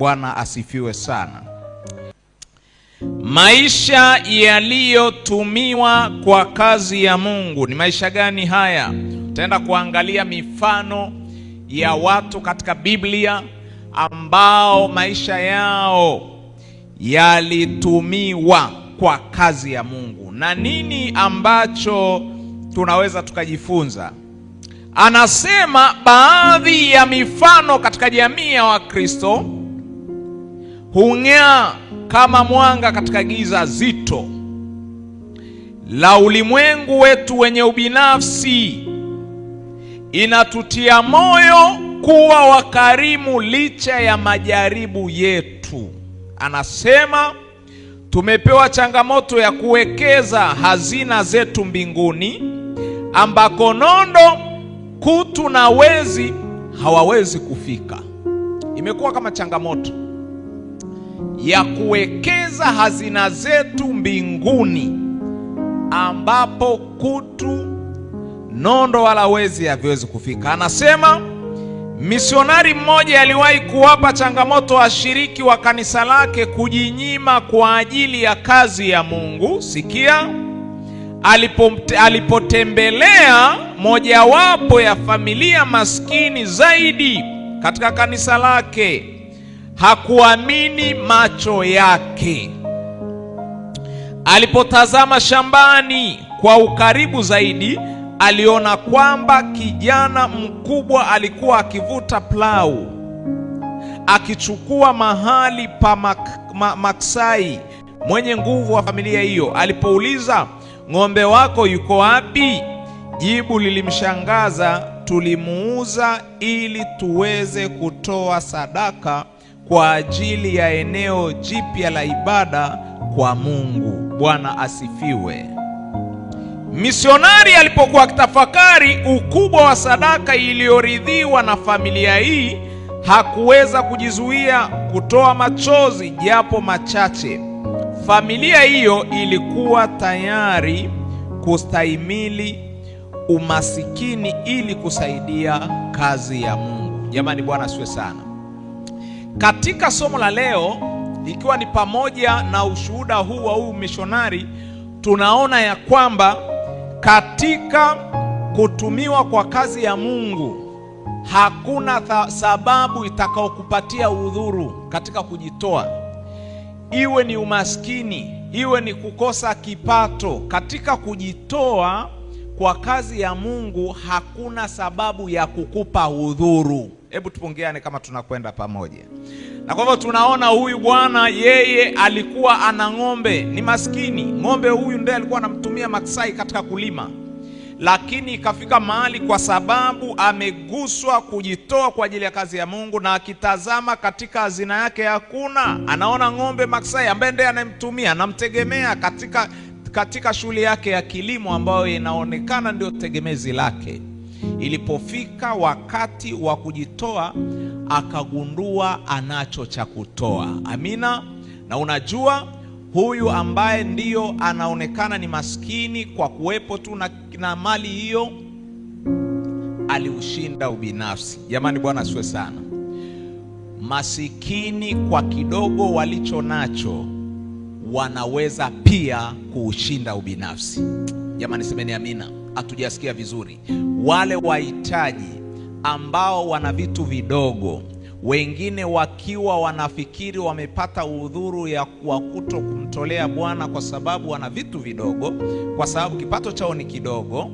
Bwana asifiwe sana. Maisha yaliyotumiwa kwa kazi ya Mungu ni maisha gani haya? Tutaenda kuangalia mifano ya watu katika Biblia ambao maisha yao yalitumiwa kwa kazi ya Mungu na nini ambacho tunaweza tukajifunza. Anasema baadhi ya mifano katika jamii ya Wakristo hung'aa kama mwanga katika giza zito la ulimwengu wetu wenye ubinafsi. Inatutia moyo kuwa wakarimu licha ya majaribu yetu. Anasema tumepewa changamoto ya kuwekeza hazina zetu mbinguni, ambako nondo, kutu na wezi hawawezi kufika. Imekuwa kama changamoto ya kuwekeza hazina zetu mbinguni, ambapo kutu, nondo wala wezi haviwezi kufika. Anasema misionari mmoja aliwahi kuwapa changamoto washiriki wa kanisa lake kujinyima kwa ajili ya kazi ya Mungu. Sikia, alipomte, alipotembelea mojawapo ya familia maskini zaidi katika kanisa lake hakuamini macho yake. Alipotazama shambani kwa ukaribu zaidi, aliona kwamba kijana mkubwa alikuwa akivuta plau akichukua mahali pa mak, ma, maksai mwenye nguvu wa familia hiyo. Alipouliza, ng'ombe wako yuko wapi? Jibu lilimshangaza, tulimuuza ili tuweze kutoa sadaka kwa ajili ya eneo jipya la ibada kwa Mungu. Bwana asifiwe. Misionari alipokuwa akitafakari ukubwa wa sadaka iliyoridhiwa na familia hii, hakuweza kujizuia kutoa machozi japo machache. Familia hiyo ilikuwa tayari kustahimili umasikini ili kusaidia kazi ya Mungu. Jamani, Bwana asiwe sana. Katika somo la leo, ikiwa ni pamoja na ushuhuda huu wa huu mishonari, tunaona ya kwamba katika kutumiwa kwa kazi ya Mungu hakuna sababu itakayokupatia udhuru katika kujitoa, iwe ni umaskini, iwe ni kukosa kipato. Katika kujitoa kwa kazi ya Mungu hakuna sababu ya kukupa udhuru. Hebu tupongeane kama tunakwenda pamoja. Na kwa hivyo tunaona huyu bwana yeye alikuwa ana ng'ombe, ni maskini. Ng'ombe huyu ndiye alikuwa anamtumia maksai katika kulima, lakini ikafika mahali, kwa sababu ameguswa kujitoa kwa ajili ya kazi ya Mungu, na akitazama katika hazina yake hakuna, anaona ng'ombe maksai ambaye ndiye anayemtumia, anamtegemea katika, katika shughuli yake ya kilimo ambayo inaonekana ndio tegemezi lake Ilipofika wakati wa kujitoa, akagundua anacho cha kutoa. Amina. Na unajua huyu ambaye ndiyo anaonekana ni maskini kwa kuwepo tu na, na mali hiyo, aliushinda ubinafsi. Jamani, Bwana asiwe sana. Masikini kwa kidogo walicho nacho wanaweza pia kuushinda ubinafsi. Jamani, semeni amina hatujasikia vizuri. Wale wahitaji ambao wana vitu vidogo, wengine wakiwa wanafikiri wamepata udhuru ya wa kuto kumtolea Bwana kwa sababu wana vitu vidogo, kwa sababu kipato chao ni kidogo.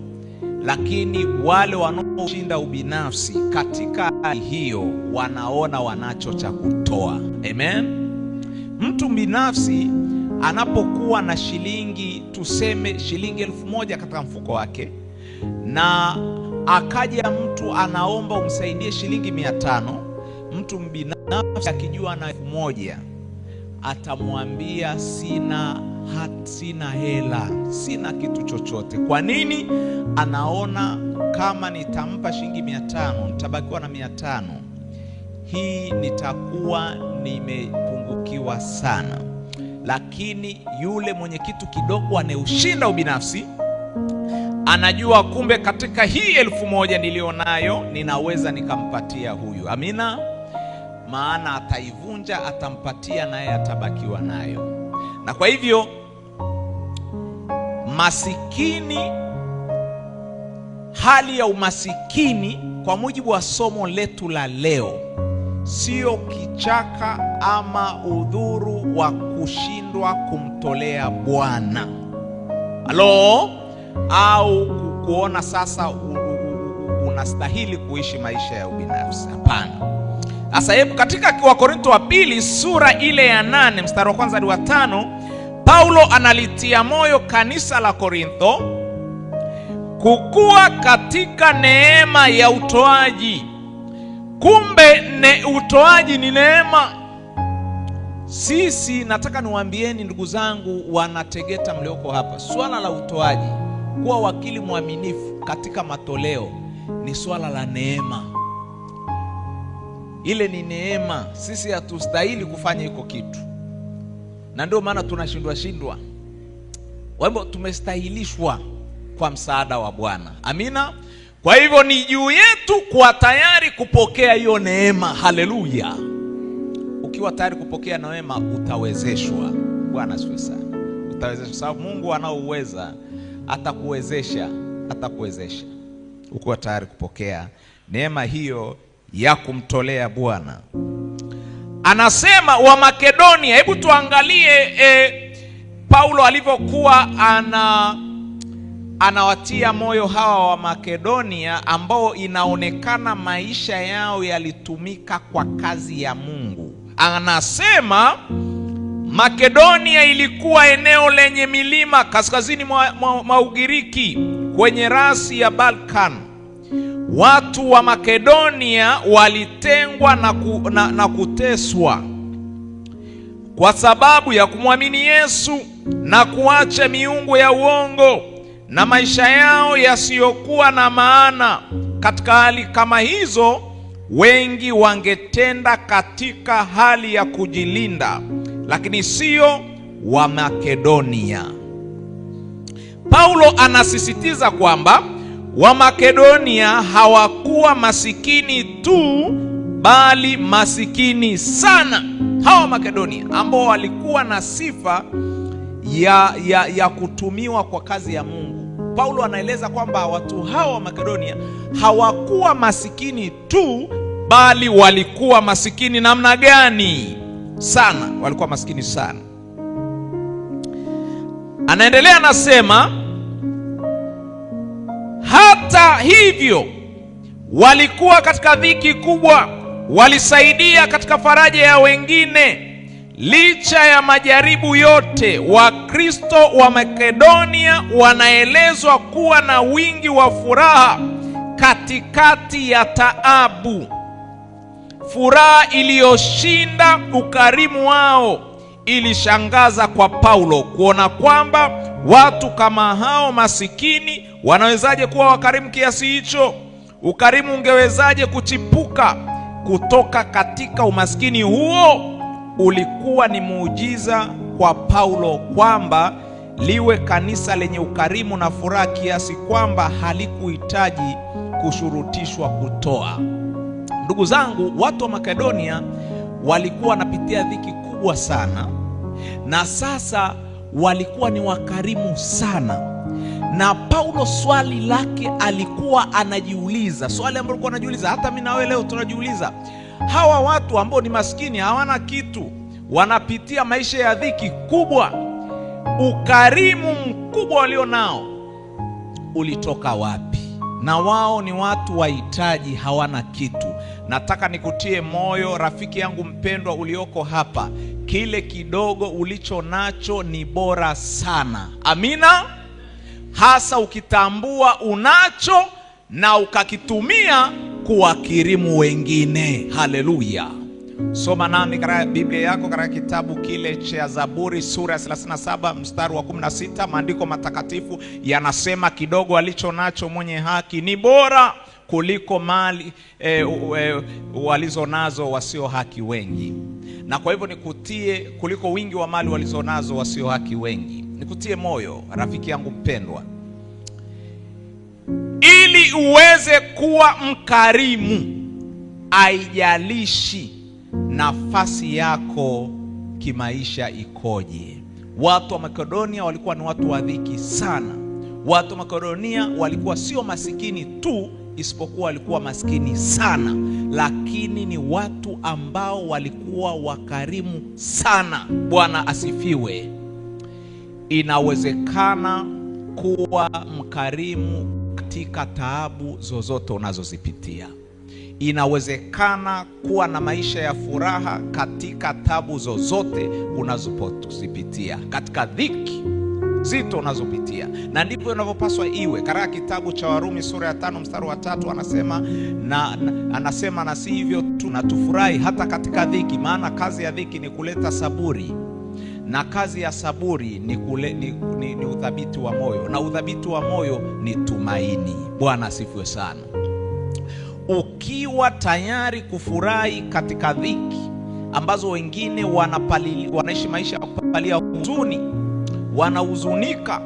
Lakini wale wanaoshinda ubinafsi katika hali hiyo, wanaona wanacho cha kutoa. Amen. Mtu binafsi anapokuwa na shilingi tuseme shilingi elfu moja katika mfuko wake, na akaja mtu anaomba umsaidie shilingi mia tano, mtu mbinafsi akijua na elfu moja atamwambia sina sina hela, sina kitu chochote. Kwa nini? Anaona kama nitampa shilingi mia tano nitabakiwa na mia tano hii nitakuwa nimepungukiwa sana lakini yule mwenye kitu kidogo anayeushinda ubinafsi anajua kumbe, katika hii elfu moja niliyo nayo ninaweza nikampatia huyu. Amina, maana ataivunja, atampatia, naye atabakiwa nayo. Na kwa hivyo masikini, hali ya umasikini kwa mujibu wa somo letu la leo sio kichaka ama udhuru wa kushindwa kumtolea Bwana halo, au kuona sasa unastahili kuishi maisha ya ubinafsi. Hapana. Sasa hebu katika Wakorintho wa pili sura ile ya nane mstari wa kwanza hadi wa tano Paulo analitia moyo kanisa la Korintho kukua katika neema ya utoaji Kumbe ne utoaji ni neema. Sisi nataka niwaambieni ndugu zangu, wanategeta mlioko hapa, swala la utoaji, kuwa wakili mwaminifu katika matoleo ni swala la neema. Ile ni neema, sisi hatustahili kufanya hiko kitu, na ndio maana tunashindwa shindwa. Wambo tumestahilishwa kwa msaada wa Bwana. Amina. Kwa hivyo ni juu yetu kuwa tayari kupokea hiyo neema. Haleluya! Ukiwa tayari kupokea neema utawezeshwa. Bwana asifiwe sana, utawezeshwa sababu Mungu anaouweza atakuwezesha, atakuwezesha ukiwa tayari kupokea neema hiyo ya kumtolea Bwana. Anasema wa Makedonia. Hebu tuangalie eh, Paulo alivyokuwa ana anawatia moyo hawa wa Makedonia ambao inaonekana maisha yao yalitumika kwa kazi ya Mungu. Anasema Makedonia ilikuwa eneo lenye milima kaskazini mwa, mwa, mwa Ugiriki kwenye rasi ya Balkan. Watu wa Makedonia walitengwa na, ku, na, na kuteswa kwa sababu ya kumwamini Yesu na kuacha miungu ya uongo na maisha yao yasiyokuwa na maana. Katika hali kama hizo, wengi wangetenda katika hali ya kujilinda, lakini sio wa Makedonia. Paulo anasisitiza kwamba wa Makedonia hawakuwa masikini tu, bali masikini sana. Hawa Makedonia ambao walikuwa na sifa ya, ya, ya kutumiwa kwa kazi ya Mungu Paulo anaeleza kwamba watu hawa wa Makedonia hawakuwa masikini tu, bali walikuwa masikini namna gani? Sana, walikuwa masikini sana. Anaendelea anasema, hata hivyo walikuwa katika dhiki kubwa, walisaidia katika faraja ya wengine Licha ya majaribu yote, Wakristo wa Makedonia wanaelezwa kuwa na wingi wa furaha katikati ya taabu, furaha iliyoshinda ukarimu wao. Ilishangaza kwa Paulo kuona kwamba watu kama hao masikini wanawezaje kuwa wakarimu kiasi hicho? Ukarimu ungewezaje kuchipuka kutoka katika umaskini huo? ulikuwa ni muujiza kwa Paulo kwamba liwe kanisa lenye ukarimu na furaha kiasi kwamba halikuhitaji kushurutishwa kutoa. Ndugu zangu, watu wa Makedonia walikuwa wanapitia dhiki kubwa sana, na sasa walikuwa ni wakarimu sana. Na Paulo swali lake alikuwa anajiuliza, swali ambalo alikuwa anajiuliza, hata mimi na wewe leo tunajiuliza Hawa watu ambao ni maskini, hawana kitu, wanapitia maisha ya dhiki kubwa. Ukarimu mkubwa walio nao ulitoka wapi? Na wao ni watu wahitaji, hawana kitu. Nataka nikutie moyo rafiki yangu mpendwa ulioko hapa, kile kidogo ulicho nacho ni bora sana. Amina, hasa ukitambua unacho na ukakitumia kuwakirimu wengine. Haleluya! Soma nami katika Biblia yako katika kitabu kile cha Zaburi sura ya 37 mstari wa 16, maandiko matakatifu yanasema kidogo alicho nacho mwenye haki ni bora kuliko mali e, eh, e, eh, walizonazo wasio haki wengi. Na kwa hivyo nikutie, kuliko wingi wa mali walizonazo wasio haki wengi, nikutie moyo rafiki yangu mpendwa ili uweze kuwa mkarimu, haijalishi nafasi yako kimaisha ikoje. Watu wa Makedonia walikuwa ni watu wa dhiki sana. Watu wa Makedonia walikuwa sio masikini tu, isipokuwa walikuwa masikini sana, lakini ni watu ambao walikuwa wakarimu sana. Bwana asifiwe. Inawezekana kuwa mkarimu katika taabu zozote unazozipitia. Inawezekana kuwa na maisha ya furaha katika taabu zozote unazozipitia, katika dhiki zito unazopitia, na ndivyo inavyopaswa iwe. Katika kitabu cha Warumi sura ya tano mstari wa tatu anasema na, na, anasema na si hivyo tu, na tufurahi hata katika dhiki, maana kazi ya dhiki ni kuleta saburi na kazi ya saburi ni, kule, ni, ni, ni uthabiti wa moyo na uthabiti wa moyo ni tumaini. Bwana asifiwe sana. Ukiwa tayari kufurahi katika dhiki ambazo wengine wanapalili, wanaishi maisha ya kupalia huzuni, wanahuzunika,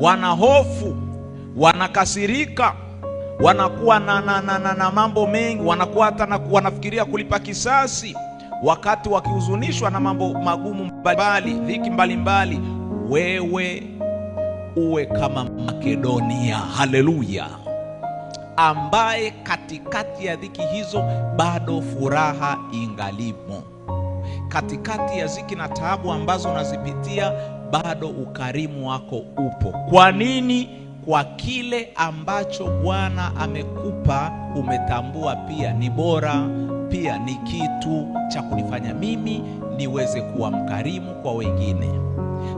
wanahofu, wanakasirika, wanakuwa na, na, na, na, na mambo mengi, wanakuwa hata wanafikiria kulipa kisasi wakati wakihuzunishwa na mambo magumu mbalimbali, dhiki mbalimbali, wewe uwe kama Makedonia, haleluya, ambaye katikati ya dhiki hizo bado furaha ingalimo, katikati ya dhiki na taabu ambazo unazipitia bado ukarimu wako upo. Kwa nini? Kwa kile ambacho Bwana amekupa umetambua pia ni bora pia ni kitu cha kunifanya mimi niweze kuwa mkarimu kwa wengine,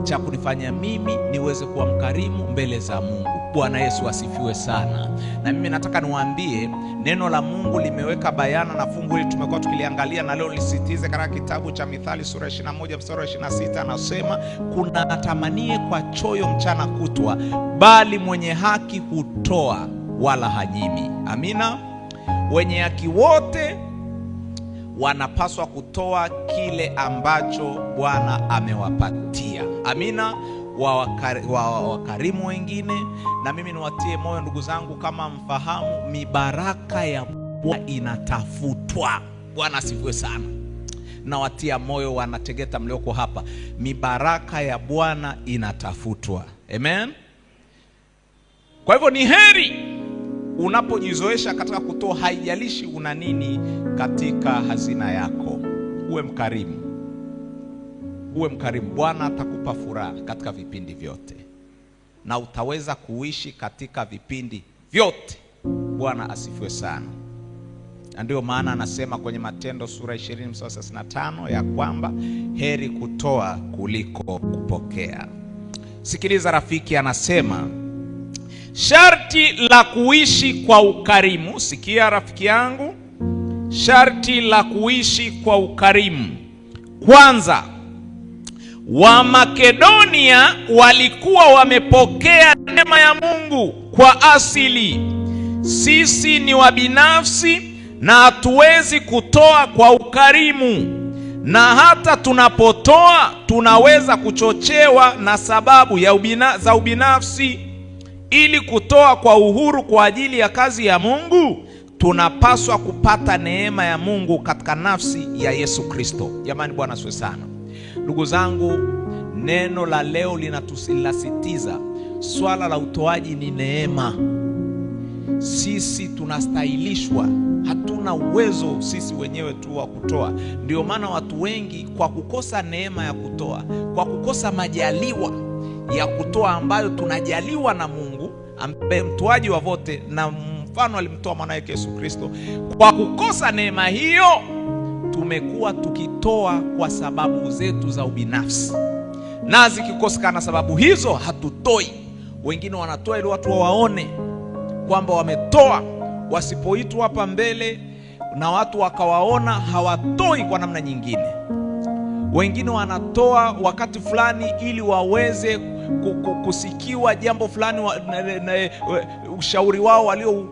cha kunifanya mimi niweze kuwa mkarimu mbele za Mungu. Bwana Yesu asifiwe sana. Na mimi nataka niwaambie neno la Mungu limeweka bayana, na fungu hili tumekuwa tukiliangalia na leo lisitize katika kitabu cha Mithali sura 21 mstari wa 26, anasema kuna atamanie kwa choyo mchana kutwa, bali mwenye haki hutoa wala hanyimi. Amina. Wenye haki wote wanapaswa kutoa kile ambacho Bwana amewapatia. Amina. Wawakarimu wengine, na mimi niwatie moyo ndugu zangu, kama mfahamu, mibaraka ya Bwana inatafutwa. Bwana asifiwe sana. Nawatia moyo wanategeta mlioko hapa, mibaraka ya Bwana inatafutwa. Amen. Kwa hivyo ni heri Unapojizoesha katika kutoa, haijalishi una nini katika hazina yako, uwe mkarimu, uwe mkarimu. Bwana atakupa furaha katika vipindi vyote, na utaweza kuishi katika vipindi vyote. Bwana asifiwe sana. Na ndiyo maana anasema kwenye Matendo sura 20 mstari 35 ya kwamba heri kutoa kuliko kupokea. Sikiliza rafiki, anasema Sharti la kuishi kwa ukarimu, sikia rafiki yangu, sharti la kuishi kwa ukarimu. Kwanza, Wamakedonia walikuwa wamepokea neema ya Mungu kwa asili. Sisi ni wabinafsi na hatuwezi kutoa kwa ukarimu, na hata tunapotoa tunaweza kuchochewa na sababu ya ubina, za ubinafsi ili kutoa kwa uhuru kwa ajili ya kazi ya Mungu, tunapaswa kupata neema ya Mungu katika nafsi ya Yesu Kristo. Jamani, Bwana asifiwe sana. Ndugu zangu, neno la leo linasisitiza swala la utoaji ni neema. Sisi tunastahilishwa, hatuna uwezo sisi wenyewe tu wa kutoa. Ndio maana watu wengi kwa kukosa neema ya kutoa, kwa kukosa majaliwa ya kutoa ambayo tunajaliwa na Mungu ambaye mtoaji wa vote na mfano alimtoa wake Yesu Kristo. Kwa kukosa neema hiyo, tumekuwa tukitoa kwa sababu zetu za ubinafsi, na zikikosekana sababu hizo, hatutoi. Wengine wanatoa ili watu waone kwamba wametoa. Wasipoitwa hapa mbele na watu wakawaona, hawatoi kwa namna nyingine. Wengine wanatoa wakati fulani ili waweze kusikiwa jambo fulani wa, na, na, na, ushauri wao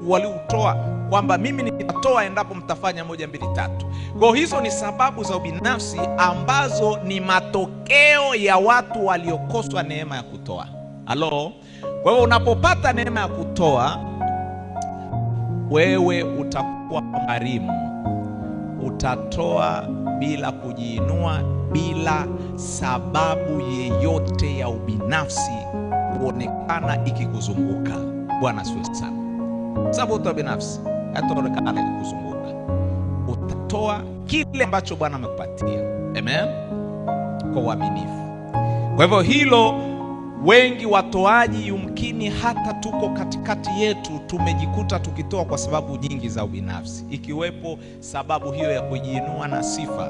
walioutoa kwamba mimi nitatoa endapo mtafanya moja mbili tatu. Kwa hizo ni sababu za ubinafsi ambazo ni matokeo ya watu waliokoswa neema ya kutoa. Halo. Kwa hiyo unapopata neema ya kutoa, wewe utakuwa marimu, utatoa bila kujiinua bila sababu yeyote ya ubinafsi kuonekana ikikuzunguka. Bwana asifiwe sana. Sababu ya binafsi hataonekana ikikuzunguka, utatoa kile ambacho Bwana amekupatia. Amen, kwa uaminifu. Kwa hivyo hilo Wengi watoaji, yumkini hata tuko katikati yetu, tumejikuta tukitoa kwa sababu nyingi za ubinafsi, ikiwepo sababu hiyo ya kujiinua na sifa.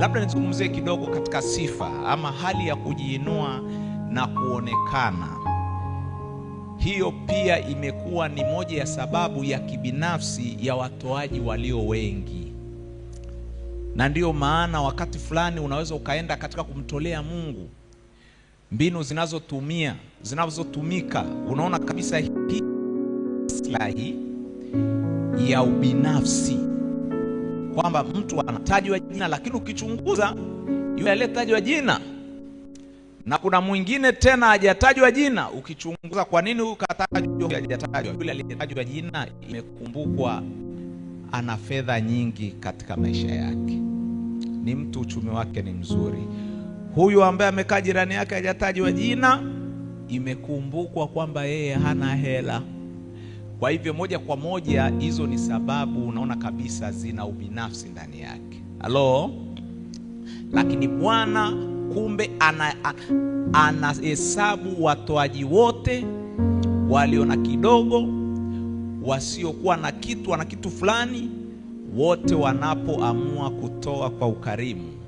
Labda nizungumzie kidogo katika sifa ama hali ya kujiinua na kuonekana. Hiyo pia imekuwa ni moja ya sababu ya kibinafsi ya watoaji walio wengi, na ndiyo maana wakati fulani unaweza ukaenda katika kumtolea Mungu mbinu zinazotumia zinazotumika, unaona kabisa hii maslahi ya ubinafsi, kwamba mtu anatajwa jina, lakini ukichunguza yule aliyetajwa jina na kuna mwingine tena hajatajwa jina, ukichunguza kwa nini huyu katajwa, hajatajwa, yule aliyetajwa jina, imekumbukwa ana fedha nyingi katika maisha yake, ni mtu uchumi wake ni mzuri huyu ambaye amekaa jirani yake hajatajwa jina, imekumbukwa kwamba yeye hana hela. Kwa hivyo moja kwa moja hizo ni sababu, unaona kabisa zina ubinafsi ndani yake. Halo, lakini Bwana kumbe anahesabu ana watoaji wote walio na kidogo, wasiokuwa na kitu, wana kitu fulani, wote wanapoamua kutoa kwa ukarimu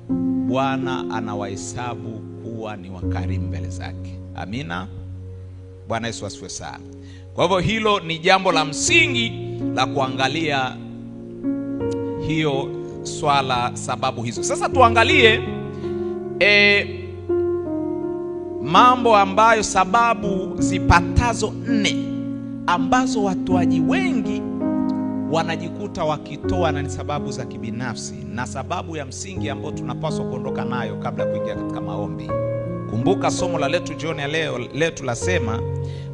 Bwana anawahesabu kuwa ni wakarimu mbele zake. Amina. Bwana Yesu asifiwe sana. Kwa hivyo hilo ni jambo la msingi la kuangalia hiyo swala, sababu hizo. Sasa tuangalie e, mambo ambayo sababu zipatazo nne ambazo watuaji wengi wanajikuta wakitoa na ni sababu za kibinafsi. Na sababu ya msingi ambayo tunapaswa kuondoka nayo kabla ya kuingia katika maombi, kumbuka somo la letu jioni ya leo letu lasema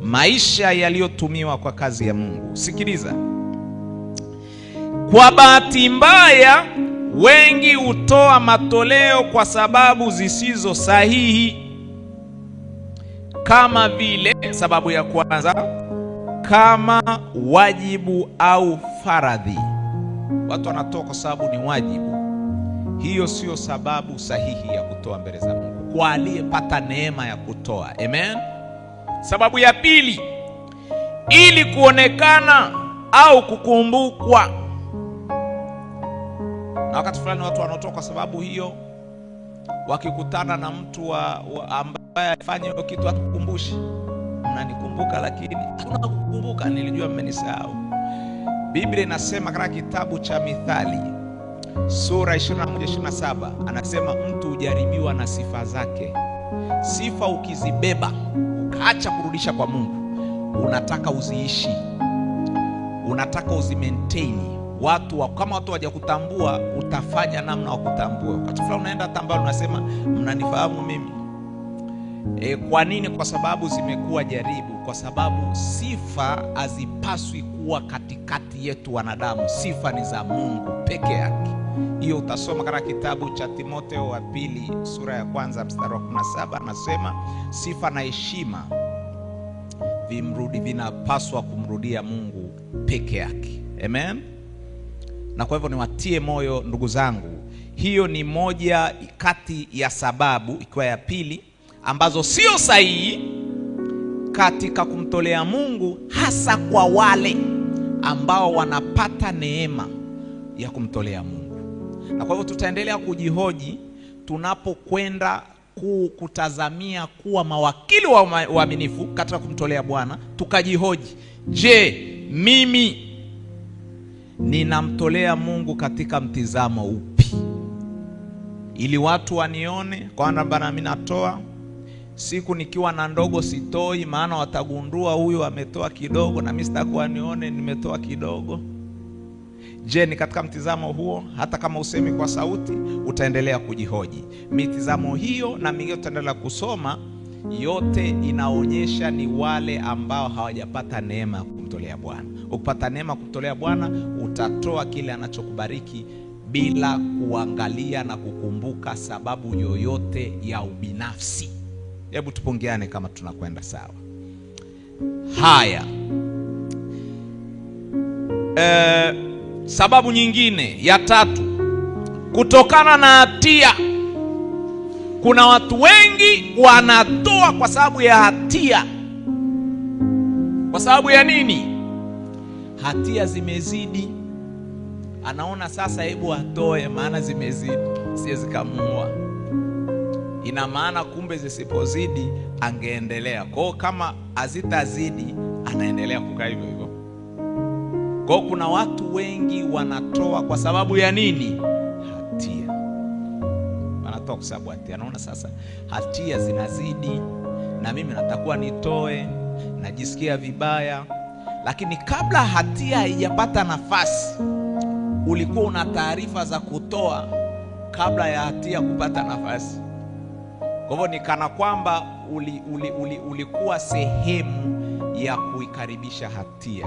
maisha yaliyotumiwa kwa kazi ya Mungu. Sikiliza, kwa bahati mbaya wengi hutoa matoleo kwa sababu zisizo sahihi, kama vile sababu ya kwanza kama wajibu au faradhi. Watu wanatoa kwa sababu ni wajibu. Hiyo sio sababu sahihi ya kutoa mbele za Mungu, kwa aliyepata neema ya kutoa. Amen. Sababu ya pili, ili kuonekana au kukumbukwa. Na wakati fulani watu wanaotoa kwa sababu hiyo wakikutana na mtu wa, wa ambaye afanye hiyo kitu hatukukumbushi mnanikumbuka, lakini hakuna kukumbuka, nilijua mmenisahau. Biblia inasema katika kitabu cha Mithali sura 21 27, anasema mtu hujaribiwa na sifa zake. Sifa ukizibeba ukaacha kurudisha kwa Mungu, unataka uziishi, unataka uzimaintain watu wa, kama watu hawajakutambua utafanya namna wa kutambua. Wakati fulani unaenda tambao, unasema mnanifahamu mimi E, kwa nini? Kwa sababu zimekuwa jaribu, kwa sababu sifa hazipaswi kuwa katikati yetu wanadamu. Sifa ni za Mungu peke yake. Hiyo utasoma katika kitabu cha Timotheo wa pili sura ya kwanza mstari wa 17, anasema sifa na heshima vimrudi, vinapaswa kumrudia Mungu peke yake. Amen. Na kwa hivyo niwatie moyo ndugu zangu, hiyo ni moja kati ya sababu, ikiwa ya pili ambazo sio sahihi katika kumtolea Mungu, hasa kwa wale ambao wanapata neema ya kumtolea Mungu. Na kwa hivyo tutaendelea kujihoji tunapokwenda kutazamia kuwa mawakili wa uaminifu katika kumtolea Bwana, tukajihoji, je, mimi ninamtolea Mungu katika mtizamo upi, ili watu wanione namba mimi natoa siku nikiwa na ndogo mm. sitoi, maana watagundua huyu ametoa kidogo, na mimi sitakuwa nione nimetoa kidogo. Je, ni katika mtizamo huo, hata kama usemi kwa sauti, utaendelea kujihoji. Mitizamo hiyo na mingine utaendelea kusoma, yote inaonyesha ni wale ambao hawajapata neema ya kumtolea Bwana. Ukipata neema kumtolea Bwana, utatoa kile anachokubariki bila kuangalia na kukumbuka sababu yoyote ya ubinafsi. Hebu tupongeane kama tunakwenda sawa. Haya, e, sababu nyingine ya tatu, kutokana na hatia. Kuna watu wengi wanatoa kwa sababu ya hatia. Kwa sababu ya nini? Hatia zimezidi, anaona sasa, hebu atoe, maana zimezidi, siwezi kamua Ina maana kumbe zisipozidi angeendelea kwao, kama hazitazidi anaendelea kukaa hivyo hivyo. Kwao kuna watu wengi wanatoa kwa sababu ya nini? Hatia. Wanatoa kwa sababu hatia, naona sasa hatia zinazidi na mimi natakuwa nitoe, najisikia vibaya. Lakini kabla hatia haijapata nafasi, ulikuwa una taarifa za kutoa kabla ya hatia kupata nafasi. Kwa hivyo ni kana kwamba uli, uli, uli, ulikuwa sehemu ya kuikaribisha hatia.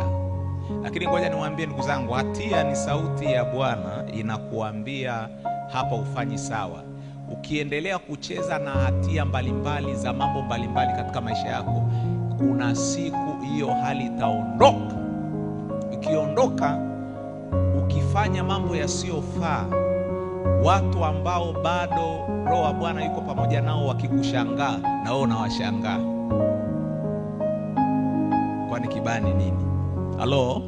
Lakini ngoja niwaambie ndugu zangu, hatia ni sauti ya Bwana inakuambia hapa ufanyi sawa. Ukiendelea kucheza na hatia mbalimbali za mambo mbalimbali katika maisha yako, kuna siku hiyo hali itaondoka. Ikiondoka, ukifanya mambo yasiyofaa watu ambao bado roho wa Bwana yuko pamoja nao, wakikushangaa na wewe unawashangaa. Kwani kibani nini? Halo,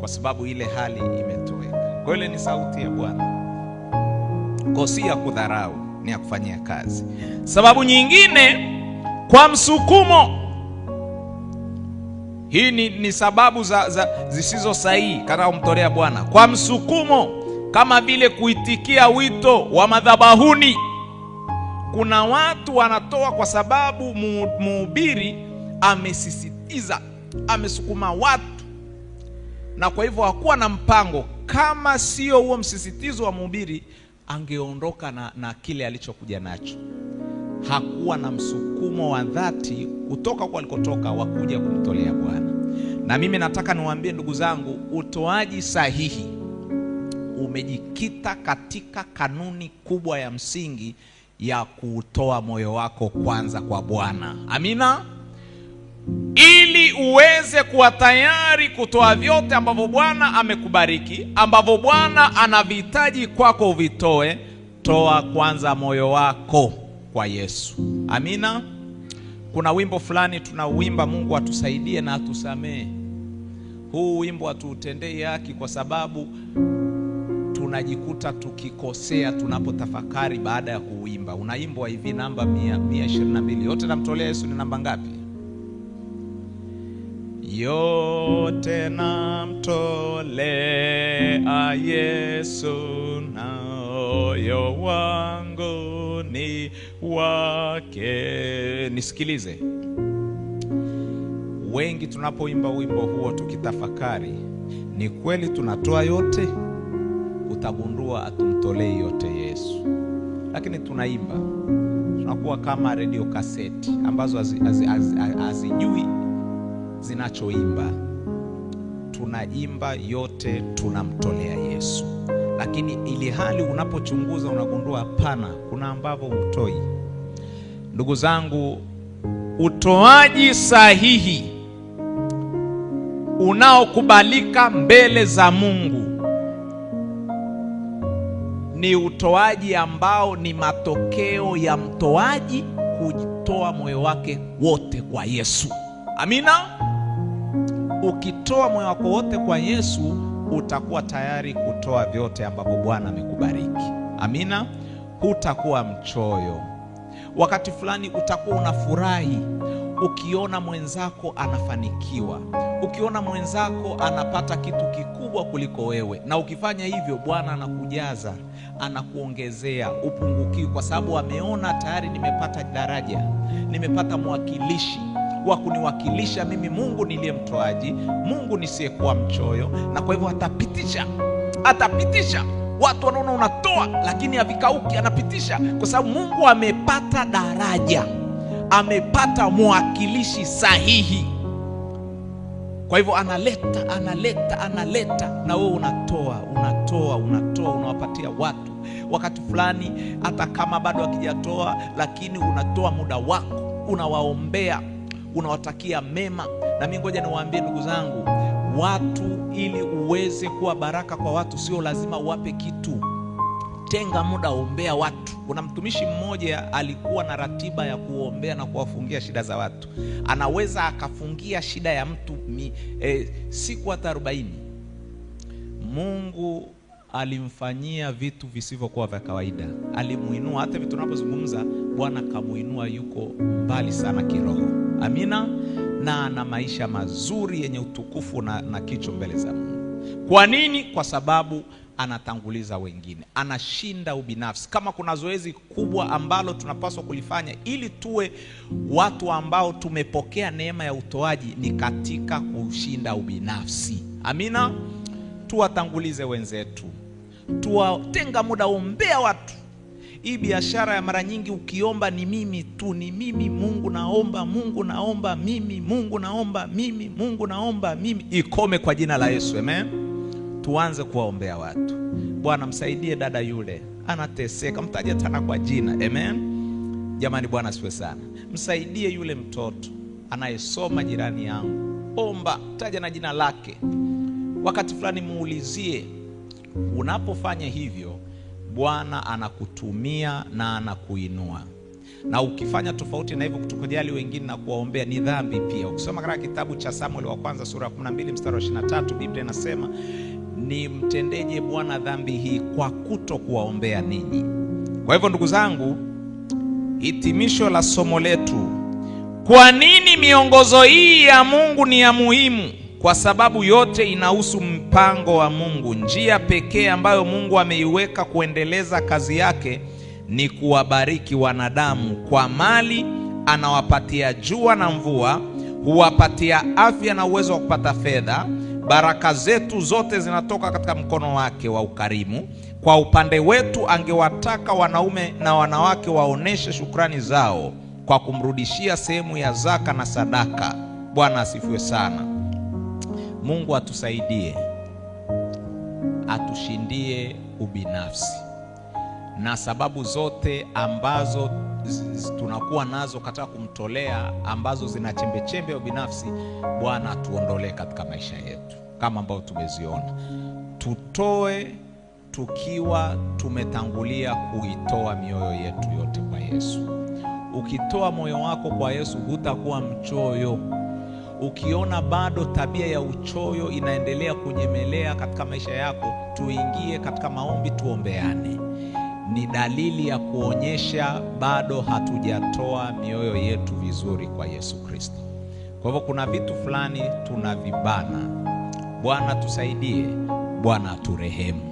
kwa sababu ile hali imetoweka. Kwa ile ni sauti ya Bwana, kwa si ya kudharau, ni ya kufanyia kazi. Sababu nyingine kwa msukumo hii ni, ni sababu za, za, zisizo sahihi kana umtolea Bwana kwa msukumo kama vile kuitikia wito wa madhabahuni. Kuna watu wanatoa kwa sababu mhubiri amesisitiza, amesukuma watu, na kwa hivyo hakuwa na mpango. Kama sio huo msisitizo wa mhubiri, angeondoka na, na kile alichokuja nacho. Hakuwa na msukumo wa dhati kutoka kwa alikotoka wa kuja kumtolea Bwana. Na mimi nataka niwaambie ndugu zangu, utoaji sahihi umejikita katika kanuni kubwa ya msingi ya kutoa moyo wako kwanza kwa Bwana. Amina, ili uweze kuwa tayari kutoa vyote ambavyo Bwana amekubariki, ambavyo Bwana anavihitaji kwako uvitoe. Toa kwanza moyo wako kwa Yesu. Amina. Kuna wimbo fulani tunauimba, Mungu atusaidie na atusamee huu wimbo, hatuutendei haki kwa sababu tunajikuta tukikosea tunapotafakari baada ya kuuimba. Unaimbwa hivi namba 122 yote namtolea Yesu ni namba ngapi? Yote namtolea Yesu, moyo wangu ni wake. Nisikilize, wengi tunapoimba wimbo huo tukitafakari, ni kweli tunatoa yote tutagundua hatumtolei yote Yesu, lakini tunaimba, tunakuwa kama redio kaseti ambazo hazijui zinachoimba. Tunaimba yote tunamtolea Yesu, lakini ili hali unapochunguza unagundua hapana, kuna ambavyo umtoi. Ndugu zangu, utoaji sahihi unaokubalika mbele za Mungu ni utoaji ambao ni matokeo ya mtoaji kujitoa moyo wake wote kwa Yesu. Amina. Ukitoa moyo wako wote kwa Yesu, utakuwa tayari kutoa vyote ambapo Bwana amekubariki. Amina. Hutakuwa mchoyo. Wakati fulani utakuwa unafurahi ukiona mwenzako anafanikiwa, ukiona mwenzako anapata kitu kikubwa mkubwa kuliko wewe, na ukifanya hivyo Bwana anakujaza, anakuongezea upungukiwi, kwa sababu ameona tayari nimepata daraja, nimepata mwakilishi wa kuniwakilisha mimi, Mungu niliye mtoaji, Mungu nisiyekuwa mchoyo, na kwa hivyo atapitisha, atapitisha watu wanaona unatoa lakini havikauki, anapitisha kwa sababu Mungu amepata daraja, amepata mwakilishi sahihi. Kwa hivyo analeta analeta analeta, na wewe unatoa unatoa unatoa, unawapatia watu. Wakati fulani hata kama bado hakijatoa, lakini unatoa muda wako, unawaombea, unawatakia mema. Na mimi ngoja niwaambie ndugu zangu, watu, ili uweze kuwa baraka kwa watu, sio lazima uwape kitu. Tenga muda, ombea watu. Kuna mtumishi mmoja alikuwa na ratiba ya kuombea na kuwafungia shida za watu. Anaweza akafungia shida ya mtu arobaini e, siku hata arobaini Mungu alimfanyia vitu visivyokuwa vya kawaida, alimuinua. Hata vitu tunapozungumza, Bwana kamuinua, yuko mbali sana kiroho. Amina, na ana maisha mazuri yenye utukufu na, na kicho mbele za Mungu. Kwa nini? Kwa sababu anatanguliza wengine, anashinda ubinafsi. Kama kuna zoezi kubwa ambalo tunapaswa kulifanya ili tuwe watu ambao tumepokea neema ya utoaji, ni katika kushinda ubinafsi. Amina. Tuwatangulize wenzetu, tuwatenga muda, ombea watu. Hii biashara ya mara nyingi ukiomba ni mimi tu, ni mimi, Mungu naomba, Mungu naomba mimi, Mungu naomba mimi, Mungu naomba mimi, ikome kwa jina la Yesu, amen tuanze kuwaombea watu. Bwana, msaidie dada yule anateseka, mtaje tena kwa jina. Amen. Jamani, Bwana asifiwe sana. Msaidie yule mtoto anayesoma jirani yangu, omba, taja na jina lake. Wakati fulani muulizie. Unapofanya hivyo, Bwana anakutumia na anakuinua na ukifanya tofauti na hivyo, kutukujali wengine na kuwaombea ni dhambi pia. Ukisoma katika kitabu cha Samueli wa kwanza sura ya 12 mstari wa 23, Biblia inasema ni mtendeje Bwana dhambi hii kwa kuto kuwaombea ninyi. Kwa hivyo ndugu zangu, hitimisho la somo letu, kwa nini miongozo hii ya Mungu ni ya muhimu? Kwa sababu yote inahusu mpango wa Mungu. Njia pekee ambayo Mungu ameiweka kuendeleza kazi yake ni kuwabariki wanadamu kwa mali. Anawapatia jua na mvua, huwapatia afya na uwezo wa kupata fedha Baraka zetu zote zinatoka katika mkono wake wa ukarimu. Kwa upande wetu, angewataka wanaume na wanawake waoneshe shukrani zao kwa kumrudishia sehemu ya zaka na sadaka. Bwana asifiwe sana. Mungu atusaidie, atushindie ubinafsi na sababu zote ambazo tunakuwa nazo katika kumtolea ambazo zina chembechembe ya binafsi, Bwana tuondolee katika maisha yetu, kama ambavyo tumeziona, tutoe tukiwa tumetangulia kuitoa mioyo yetu yote kwa Yesu. Ukitoa moyo wako kwa Yesu hutakuwa mchoyo. Ukiona bado tabia ya uchoyo inaendelea kunyemelea katika maisha yako, tuingie katika maombi, tuombeane ni dalili ya kuonyesha bado hatujatoa mioyo yetu vizuri kwa Yesu Kristo. Kwa hivyo kuna vitu fulani tunavibana. Bwana tusaidie, Bwana turehemu.